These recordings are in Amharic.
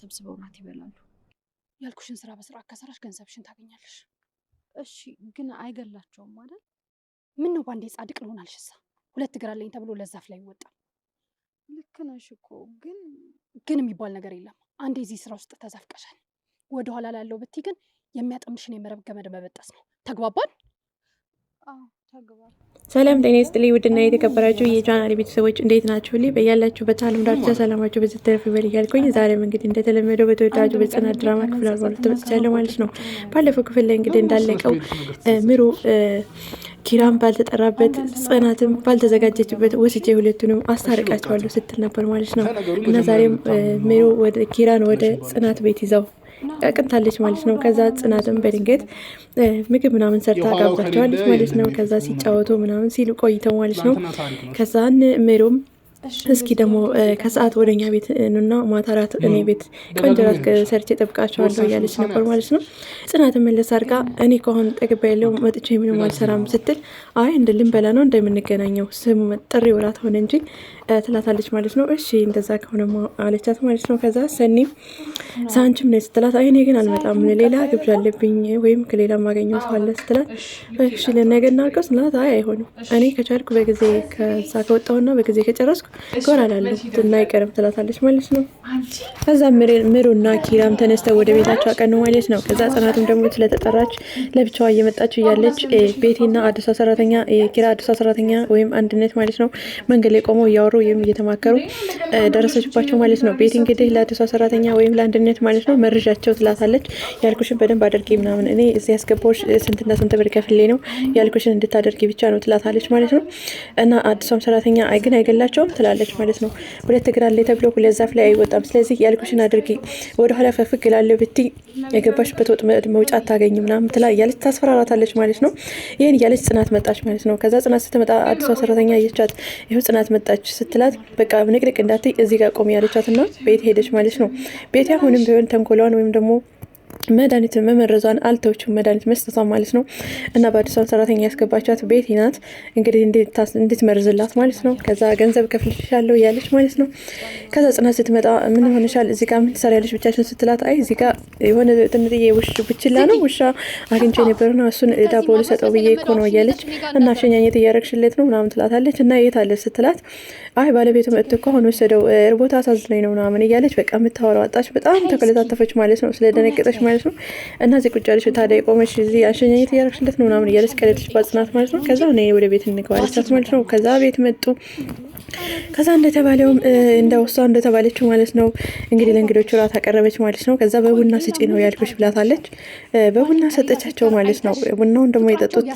ሰብስበው ናት ይበላሉ። ያልኩሽን ስራ በስራ ከሰራሽ ገንዘብሽን ታገኛለሽ። እሺ፣ ግን አይገላቸውም አይደል? ምን ነው ባንዴ ጻድቅ ልሆን አልሽሳ? ሁለት እግር አለኝ ተብሎ ለዛፍ ላይ ይወጣል። ልክ ነሽ እኮ ግን ግን የሚባል ነገር የለም። አንዴ እዚህ ስራ ውስጥ ተዘፍቀሻል። ወደኋላ ላለው ብትይ ግን የሚያጠምድሽን የመረብ ገመድ መበጠስ ነው። ተግባባል? ሰላም ጤና ይስጥልኝ። ውድና የተከበራችሁ የቻናል ቤተሰቦች እንዴት ናችሁ? ሁሌ በያላችሁ በታለም ዳርቻ ሰላማችሁ በዚህ ተረፍ ይበል እያልኩኝ ዛሬም እንግዲህ እንደተለመደው በተወዳጁ በጽናት ድራማ ክፍል አርባ ሁለት ተመልቻለሁ ማለት ነው። ባለፈው ክፍል ላይ እንግዲህ እንዳለቀው ምሮ ኪራም ባልተጠራበት ጽናትም ባልተዘጋጀችበት ወስጄ ሁለቱንም አስታርቃቸዋለሁ ስትል ነበር ማለት ነው እና ዛሬም ምሮ ኪራን ወደ ጽናት ቤት ይዘው አቅንታለች ማለት ነው። ከዛ ጽናትም በድንገት ምግብ ምናምን ሰርታ ጋብዛቸዋለች ማለት ነው። ከዛ ሲጫወቱ ምናምን ሲሉ ቆይተው ማለት ነው። ከዛን ምሮም እስኪ ደግሞ ከሰዓት ወደ እኛ ቤት ኑና ማታ ራት እኔ ቤት ቆንጆ ራት ሰርቼ እጠብቃቸዋለሁ እያለች ነበር ማለት ነው። ጽናት መለስ አድርጋ እኔ ከሆን ጠግባ ያለው መጥቼ ምንም አልሰራም ስትል አይ እንደ ልንበላ ነው እንደምንገናኘው ስሙ ጥሪ ወራት ሆነ እንጂ ትላታለች ማለት ነው። እሺ እንደዛ ከሆነ አለቻት ማለት ነው። ከዛ ሰኒ ሳንችም ነው ስትላት አይ እኔ ግን አልመጣም ሌላ ግብዣ አለብኝ ወይም ከሌላ ማገኘው ሰው አለ ስትላት እሺ ለነገ እናድርገው ስላት አይ አይሆንም እኔ ከቻልኩ በጊዜ ከዛ ከወጣሁና በጊዜ ከጨረስኩ ጎራላለሁ እና አይቀርም ትላታለች ማለት ነው። ከዛ ምሩና ኪራም ተነስተው ወደ ቤታቸው አቀኑ ማለት ነው። ከዛ ጽናትም ደግሞ ስለተጠራች ለብቻዋ እየመጣችው እያለች ቤቴና አዲሷ ሰራተኛ ኪራ አዲሷ ሰራተኛ ወይም አንድነት ማለት ነው መንገድ ላይ ቆመው እያወሩ ወይም እየተማከሩ ደረሰችባቸው ማለት ነው። ቤት እንግዲህ ለአዲሷ ሰራተኛ ወይም ለአንድነት ማለት ነው መረጃቸው ትላታለች። ያልኩሽን በደንብ አድርጊ ምናምን እኔ እዚህ ያስገባዎች ስንትና ስንት ብር ከፍሌ ነው ያልኩሽን እንድታደርጊ ብቻ ነው ትላታለች ማለት ነው። እና አዲሷም ሰራተኛ ግን አይገላቸውም ትላለች ማለት ነው። ሁለት እግር አለ ተብሎ ሁለት ዛፍ ላይ አይወጣም። ስለዚህ ያልኩሽን አድርጊ፣ ወደኋላ ፈፍግ እላለሁ ብትይ የገባሽበት ወጥመድ መውጫ አታገኝ ምናምን ትላ እያለች ታስፈራራታለች ማለት ነው። ይህን እያለች ጽናት መጣች ማለት ነው። ከዛ ጽናት ስትመጣ አዲሷ ሰራተኛ አየቻት። ይኸው ጽናት መጣች ስትላት በቃ ንቅንቅ እንዳትይ እዚህ ጋር ቆሚ ያለቻት እና ቤት ሄደች ማለት ነው። ቤት አሁንም ቢሆን ተንኮሏን ወይም ደግሞ መድኃኒት መመረዟን አልተወችም። መድኃኒት መስጠቷ ማለት ነው። እና በአዲሷን ሰራተኛ ያስገባቻት ቤቲ ናት እንግዲህ እንድትመርዝላት ማለት ነው። ከዛ ገንዘብ ከፍልሻለሁ እያለች ማለት ነው። ከዛ ጽናት ስትመጣ ምን ሆነሻል? እዚህ ጋር ምን ትሰሪያለሽ ብቻችን ስትላት፣ አይ እዚህ ጋር የሆነ ትንጥዬ ውሽ ብችላ ነው ውሻ አግኝቼ ነው እሱን ዳቦ ልሰጠው ብዬ እኮ ነው እያለች እና አሸኛኘት እያረግሽለት ነው ምናምን ትላታለች። እና የት አለ ስትላት አይ ባለቤቱ መጥቶ እኮ አሁን ወሰደው እርቦታ አሳዝነኝ ነው ምናምን እያለች በቃ የምታወራው አጣች። በጣም ተከለታተፈች ማለት ነው፣ ስለደነገጠች ማለት ነው። እና እዚህ ቁጭ ያለች ታዲያ የቆመች እዚህ አሸኛኘት እያረግሽለት ነው ምናምን እያለች ቀለደች ባጽናት ማለት ነው። ከዛ እኔ ወደ ቤት እንግባለቻት ማለት ነው። ከዛ ቤት መጡ። ከዛ እንደተባለውም እንደውሷ እንደተባለችው ማለት ነው እንግዲህ ለእንግዶቹ እራት አቀረበች ማለት ነው። ከዛ በቡና ስጪ ነው ያልኩሽ ብላታለች። በቡና ሰጠቻቸው ማለት ነው። ቡናውን ደግሞ የጠጡት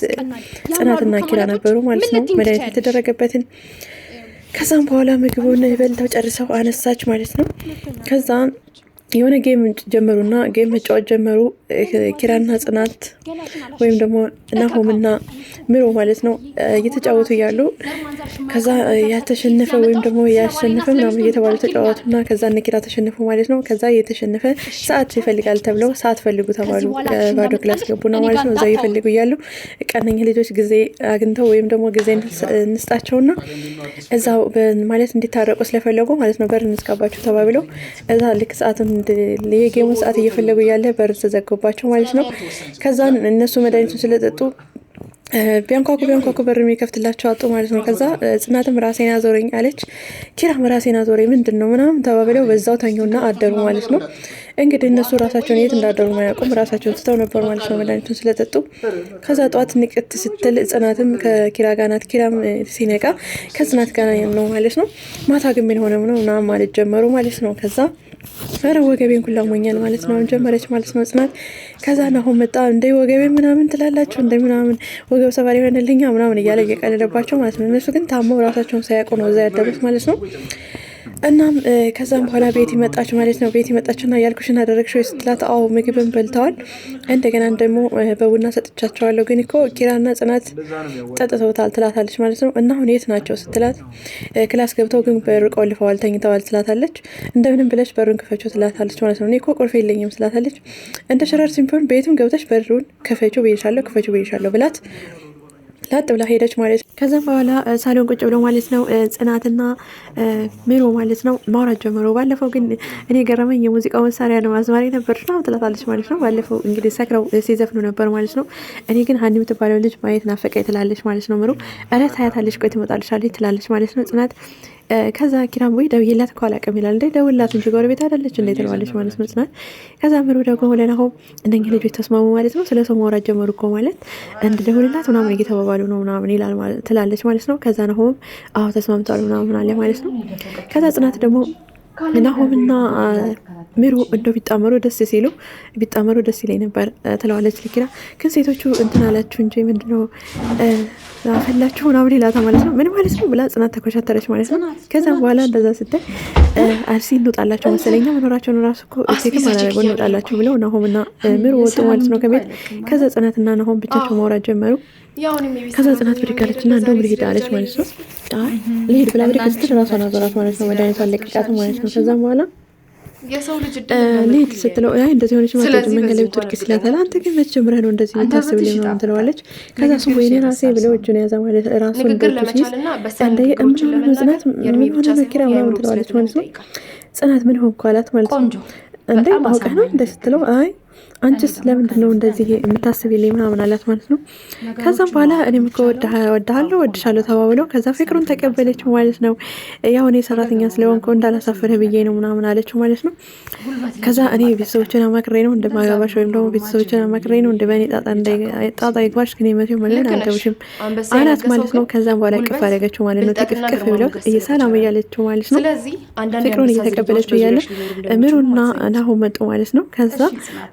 ጽናትና ኪራ ነበሩ ማለት ነው። መድኃኒት የተደረገበትን ከዛም በኋላ ምግቡን በልተው ጨርሰው አነሳች ማለት ነው። ከዛም የሆነ ጌም ጀመሩና ጌም መጫወት ጀመሩ። ኪራና ጽናት ወይም ደግሞ ናሆምና ምሮ ማለት ነው እየተጫወቱ እያሉ ከዛ ያልተሸነፈ ወይም ደግሞ ያሸነፈ ምናምን እየተባሉ ተጫወቱና ከዛ እነ ኪራ ተሸነፉ ማለት ነው። ከዛ የተሸነፈ ሰዓት ይፈልጋል ተብለው ሰዓት ፈልጉ ተባሉ። ባዶ ክላስ ገቡና ማለት ነው። እዛ እየፈልጉ እያሉ ቀነኝ ልጆች ጊዜ አግኝተው ወይም ደግሞ ጊዜ እንስጣቸውና እዛው ማለት እንዲታረቁ ስለፈለጉ ማለት ነው በር እንዝጋባቸው ተባብለው እዛ ልክ ሰዓቱን የጌሙ ሰዓት እየፈለጉ እያለ በር ተዘግቦባቸው ማለት ነው። ከዛን እነሱ መድኃኒቱን ስለጠጡ ቢያንኳኩ ቢያንኳኩ በር የሚከፍትላቸው አጡ ማለት ነው። ከዛ ጽናትም ራሴን አዞረኝ አለች። ኪራም ራሴን አዞረኝ ምንድን ነው ምናምን ተባብለው በዛው ተኙና አደሩ ማለት ነው። እንግዲህ እነሱ ራሳቸውን የት እንዳደሩ ማያውቁም ራሳቸውን ትተው ነበር ማለት ነው፣ መድኃኒቱን ስለጠጡ። ከዛ ጠዋት ንቅት ስትል ጽናትም ከኪራ ጋር ናት። ኪራም ሲነቃ ከጽናት ጋር ነው ማለት ነው። ማታ ግን ምን ሆነው ነው ምናምን ማለት ጀመሩ ማለት ነው። ከዛ ኧረ ወገቤን ኩላ ሞኛል ማለት ነው። አሁን ጀመረች ማለት ነው ጽናት። ከዛ ናሆም መጣ እንደ ወገቤ ምናምን ትላላችሁ እንደ ምናምን ወገብ ሰባሪ የሆነልኛ ምናምን እያለ እየቀለለባቸው ማለት ነው። እነሱ ግን ታመው ራሳቸውን ሳያውቁ ነው እዛ ያደሩት ማለት ነው። እናም ከዛም በኋላ ቤት ይመጣች ማለት ነው። ቤት ና ያልኩሽን አደረግሽው ስትላት አዎ ምግብን በልተዋል፣ እንደገና ደግሞ በቡና ሰጥቻቸዋለሁ፣ ግን እኮ ኪራና ጽናት ጠጥተውታል ትላታለች ማለት ነው። እና አሁን የት ናቸው ስትላት ክላስ ገብተው ግን በር ቆልፈዋል ተኝተዋል ትላታለች። እንደምንም ብለሽ በሩን ክፈችው ትላታለች ማለት ነው። እኔ እኮ ቁልፍ የለኝም ትላታለች። እንደ ሸረር ሲሆን ቤቱን ገብተሽ በሩን ክፈችው ብዬሻለሁ፣ ክፈችው ብዬሻለሁ ብላት ላጥ ብላ ሄደች ማለት ነው። ከዛም በኋላ ሳሎን ቁጭ ብሎ ማለት ነው ጽናትና ምሮ ማለት ነው ማውራት ጀምሮ፣ ባለፈው ግን እኔ ገረመኝ የሙዚቃው መሳሪያ ነው አዝማሪ ነበርሽ ነው ትላታለች ማለት ነው። ባለፈው እንግዲህ ሰክረው ሲዘፍኑ ነበር ማለት ነው። እኔ ግን ሀኒ የምትባለው ልጅ ማየት ናፈቀ ትላለች ማለት ነው። ምሮ እረ ታያታለች፣ ቆይ ትመጣልሻለች ትላለች ማለት ነው ጽናት ከዛ ኪራም ወይ ደውዬላት እኮ አላውቅም ይላል። እንደ ደውላት እንጂ ጎረቤት አይደለች እንዴ ትለዋለች ማለት ነው ጽናት። ከዛ ምሩ ደግሞ ሆነናሆ እነኛ ልጆች ተስማሙ ማለት ነው። ስለ ሰው ማውራት ጀመሩ እኮ ማለት እንደ ደውልላት ምናምን እየተባባሉ ነው ምናምን ይላል ትላለች ማለት ነው። ከዛ ነሆም አዎ ተስማምተዋል ምናምን አለ ማለት ነው። ከዛ ጽናት ደግሞ ናሆምና ምሩ እንደ ቢጣመሩ ደስ ሲሉ ቢጣመሩ ደስ ይለኝ ነበር ትለዋለች ልኪራ። ግን ሴቶቹ እንትን አላችሁ እንጂ ምንድነው አፈላችሁ ምናምን ይላታ ማለት ነው። ምን ማለት ነው ብላ ጽናት ተኮሻተረች ማለት ነው። ከዛም በኋላ እንደዛ ስታይ አርሲ እንወጣላቸው መሰለኛ መኖራቸውን ራሱ እኮ ሴክም አላደረገው እንውጣላቸው ብለው ናሆምና እና ምር ወጡ ማለት ነው ከቤት። ከዛ ጽናትና ናሆም ብቻቸው ማውራት ጀመሩ። ከዛ ጽናት ብድግ አለች እና እንደውም ልሄድ አለች ማለት ነው። ልሄድ ብላ ብድግ ስትል ራሷን አዞራት ማለት ነው። መድኃኒቷን ለቅቃት ማለት ነው። ከዛም በኋላ ልሂድ ስትለው ይ እንደዚህ ሆነች ማለት መንገድ ላይ ብትወድቅ አንተ ግን ነው እንደዚህ ሊሆን ትለዋለች። ከዛ ወይኔ ራሴ ብለው እጁን ያዘ ማለት እንደ የሚሆነ ምናምን ትለዋለች ማለት ነው። ጽናት ምን ሆንኩ አላት ማለት ነው። እንደ አውቀህ ነው እንደ ስትለው አይ አንቺስ ለምንድን ነው እንደዚህ የምታስቢልኝ ምናምን አላት ማለት ነው። ከዛም በኋላ እኔም እኮ ወድሃለሁ ወድሻለሁ ተባብለው ከዛ ፍቅሩን ተቀበለች ማለት ነው። ያው እኔ ሰራተኛ ስለሆንኩ እንዳላሳፈረ ብዬ ነው ምናምን አለችው ማለት ነው። ከዛ እኔ ቤተሰቦችን አማክሬ ነው እንደማገባሽ ወይም ደግሞ ቤተሰቦችን አማክሬ ነው እንደበኔ ጣጣ ይግባሽ ግን መቼ መለን አልገብሽም አላት ማለት ነው። ከዛም በኋላ ቅፍ አደረገችው ማለት ነው። ተቅፍቅፍ ብለው እየሰላም እያለችው ማለት ነው። ፍቅሩን እየተቀበለችው እያለ ምሩና ናሆ መጡ ማለት ነው። ከዛ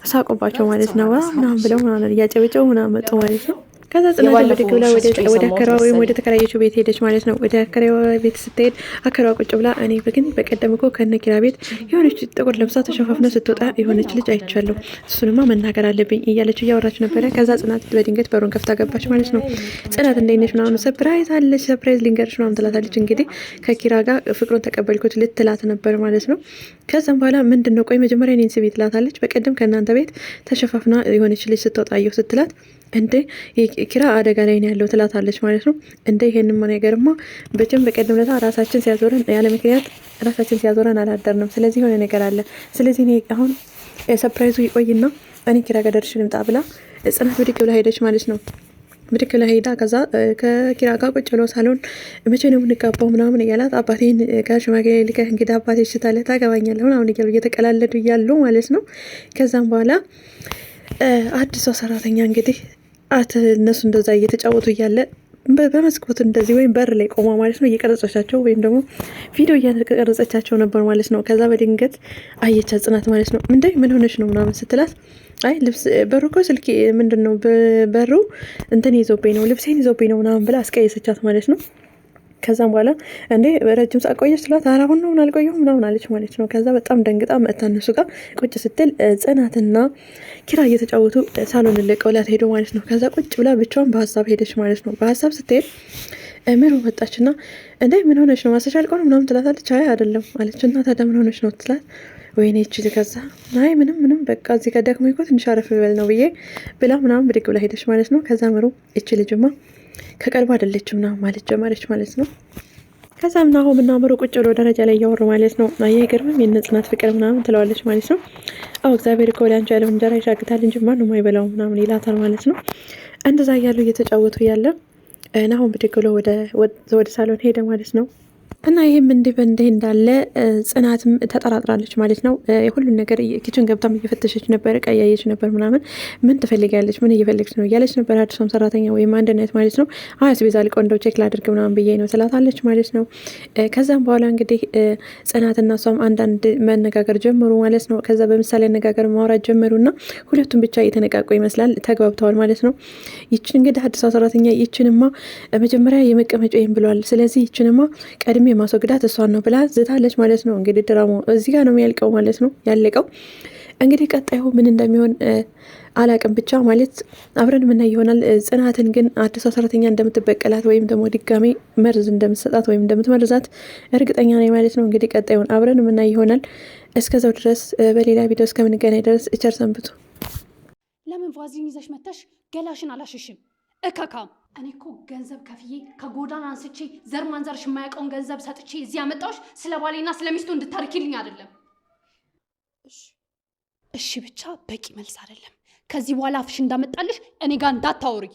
ሳቆ ገባቸው ማለት ነው ምናምን ብለው ምናምን እያጨበጨቡ ምናምን መጡ ማለት ነው። ከዛ ጽናት ብድግ ብላ ወደ አከራዋ ወይም ወደ ተከራየችው ቤት ሄደች ማለት ነው። ወደ አከራዋ ቤት ስትሄድ አከራዋ ቁጭ ብላ እኔ በግን በቀደም እኮ ከነኪራ ቤት የሆነች ጥቁር ለብሳ ተሸፋፍና ስትወጣ የሆነች ልጅ አይቻለሁ፣ እሱንማ መናገር አለብኝ እያለች እያወራች ነበረ። ከዛ ጽናት በድንገት በሩን ከፍታ ገባች ማለት ነው። ጽናት እንዴት ነሽ ምናምን ሰፕራይዝ አለች፣ ሰፕራይዝ ሊንገርሽ ምናምን ትላታለች። እንግዲህ ከኪራ ጋር ፍቅሩን ተቀበልኩት ልትላት ነበር ማለት ነው። ከዛም በኋላ ምንድን ነው ቆይ መጀመሪያ እኔን ስሜት ትላታለች። በቀደም ከእናንተ ቤት ተሸፋፍና የሆነች ልጅ ስትወጣየው ስትላት እንዴ ኪራ አደጋ ላይ ነው ያለው ትላታለች ማለት ነው። እንደ ይሄንም ነገርማ በጭም በቀደም ለታ ራሳችን ሲያዞረን ያለ ምክንያት ራሳችን ሲያዞረን አላደርንም። ስለዚህ የሆነ ነገር አለ። ስለዚህ እኔ አሁን ሰርፕራይዙ ይቆይና እኔ ኪራ ጋር ደርሼ ልምጣ ብላ ጽናት ብድግ ብላ ሄደች ማለት ነው። ብድግ ብላ ሄዳ ከዛ ከኪራ ጋር ቁጭ ብሎ ሳሎን መቼ ነው የምንጋባው ምናምን እያላት አባቴን ጋር ሽማግሌ ልከ እንግዲህ አባቴ ሽታለ ታገባኛለህ ምናምን እያሉ እየተቀላለዱ እያሉ ማለት ነው። ከዛም በኋላ አዲሷ ሰራተኛ እንግዲህ አት እነሱ እንደዛ እየተጫወቱ እያለ በመስኮት እንደዚህ ወይም በር ላይ ቆማ ማለት ነው እየቀረጸቻቸው ወይም ደግሞ ቪዲዮ እያቀረጸቻቸው ነበር ማለት ነው። ከዛ በድንገት አየቻ ጽናት ማለት ነው። እንደ ምን ሆነች ነው ምናምን ስትላት አይ ልብስ በሩ እኮ ስልክ ምንድን ነው በሩ እንትን ይዞብኝ ነው ልብሴን ይዞብኝ ነው ምናምን ብላ አስቀየሰቻት ማለት ነው። ከዛም በኋላ እንዴ ረጅም ሰዓት ቆየች ስላት ኧረ አሁን ነው አልቆየሁም ምናምን አለች ማለት ነው። ከዛ በጣም ደንግጣ መጥታ እነሱ ጋር ቁጭ ስትል ጽናትና ኪራ እየተጫወቱ ሳሎን ልቀው ላት ሄዱ ማለት ነው። ከዛ ቁጭ ብላ ብቻዋን በሀሳብ ሄደች ማለት ነው። በሀሳብ ስትሄድ ምሩ መጣችና እንዴ ምን ሆነች ነው ማሳጅ አልቆ ነው ምናምን ትላታለች። አይ አይደለም አለች እና ታዲያ ምን ሆነች ነው ትላት ወይኔ እችል ከዛ ናይ ምንም ምንም በቃ እዚህ ጋር ደክሞኝ እኮ ትንሽ አረፍ በል ነው ብዬ ብላ ምናምን ብድግ ብላ ሄደች ማለት ነው። ከዛ ምሩ እች ልጅማ ከቀልብ አይደለች ምናምን ማለት ጀመረች ማለት ነው። ከዛ ምናሆ ምናምሩ ቁጭ ብሎ ደረጃ ላይ እያወሩ ማለት ነው። ናየ ግርምም የእነ ጽናት ፍቅር ምናምን ትለዋለች ማለት ነው። አው እግዚአብሔር እኮ ወዲያንቺ ያለው እንጀራ ይሻግታል እንጂ ማንም አይበላው ምናምን ይላታል ማለት ነው። እንደዛ እያሉ እየተጫወቱ ያለ ናሁን ብድግ ብሎ ወደ ሳሎን ሄደ ማለት ነው። እና ይህም እንዲህ በእንዲህ እንዳለ ጽናትም ተጠራጥራለች ማለት ነው። የሁሉን ነገር ኪችን ገብታም እየፈተሸች ነበር፣ ቀያየች ነበር ምናምን። ምን ትፈልጋለች ምን እየፈለግች ነው እያለች ነበር። አዲሷም ሰራተኛ ወይም ነት ማለት ነው። አይ አስቤዛ ልቆ እንደው ቼክ ላድርግ ምናምን ብዬ ነው ትላታለች ማለት ነው። ከዛም በኋላ እንግዲህ ጽናትና እሷም አንዳንድ መነጋገር ጀመሩ ማለት ነው። ከዛ በምሳሌ አነጋገር ማውራት ጀመሩና ሁለቱም ብቻ እየተነቃቁ ይመስላል ተግባብተዋል ማለት ነው። ይችን እንግዲህ አዲሷ ሰራተኛ ይችንማ መጀመሪያ የመቀመጫ ወይም ብለዋል። ስለዚህ ይችንማ ቀድሜ የማስወግዳት እሷን ነው ብላ ዝታለች ማለት ነው። እንግዲህ ድራማው እዚህ ጋር ነው የሚያልቀው ማለት ነው ያለቀው። እንግዲህ ቀጣዩ ምን እንደሚሆን አላቅም ብቻ ማለት አብረን የምናይ ይሆናል። ጽናትን ግን አዲሷ ሰራተኛ እንደምትበቀላት ወይም ደግሞ ድጋሜ መርዝ እንደምትሰጣት ወይም እንደምትመርዛት እርግጠኛ ነኝ ማለት ነው። እንግዲህ ቀጣዩን አብረን የምናይ ይሆናል። እስከዛው ድረስ በሌላ ቪዲዮ እስከምንገናኝ ድረስ እቸር ሰንብቱ። ለምን ቫዚን ይዘሽ መተሽ ገላሽን አላሽሽም? እካካ እኔ እኮ ገንዘብ ከፍዬ ከጎዳና አንስቼ ዘር ማንዘርሽ የማያውቀውን ገንዘብ ሰጥቼ እዚህ ያመጣሁሽ ስለ ባሌና ስለ ሚስቱ እንድታርኪልኝ አይደለም። እሺ ብቻ በቂ መልስ አይደለም። ከዚህ በኋላ አፍሽ እንዳመጣልሽ እኔ ጋር እንዳታወሪ።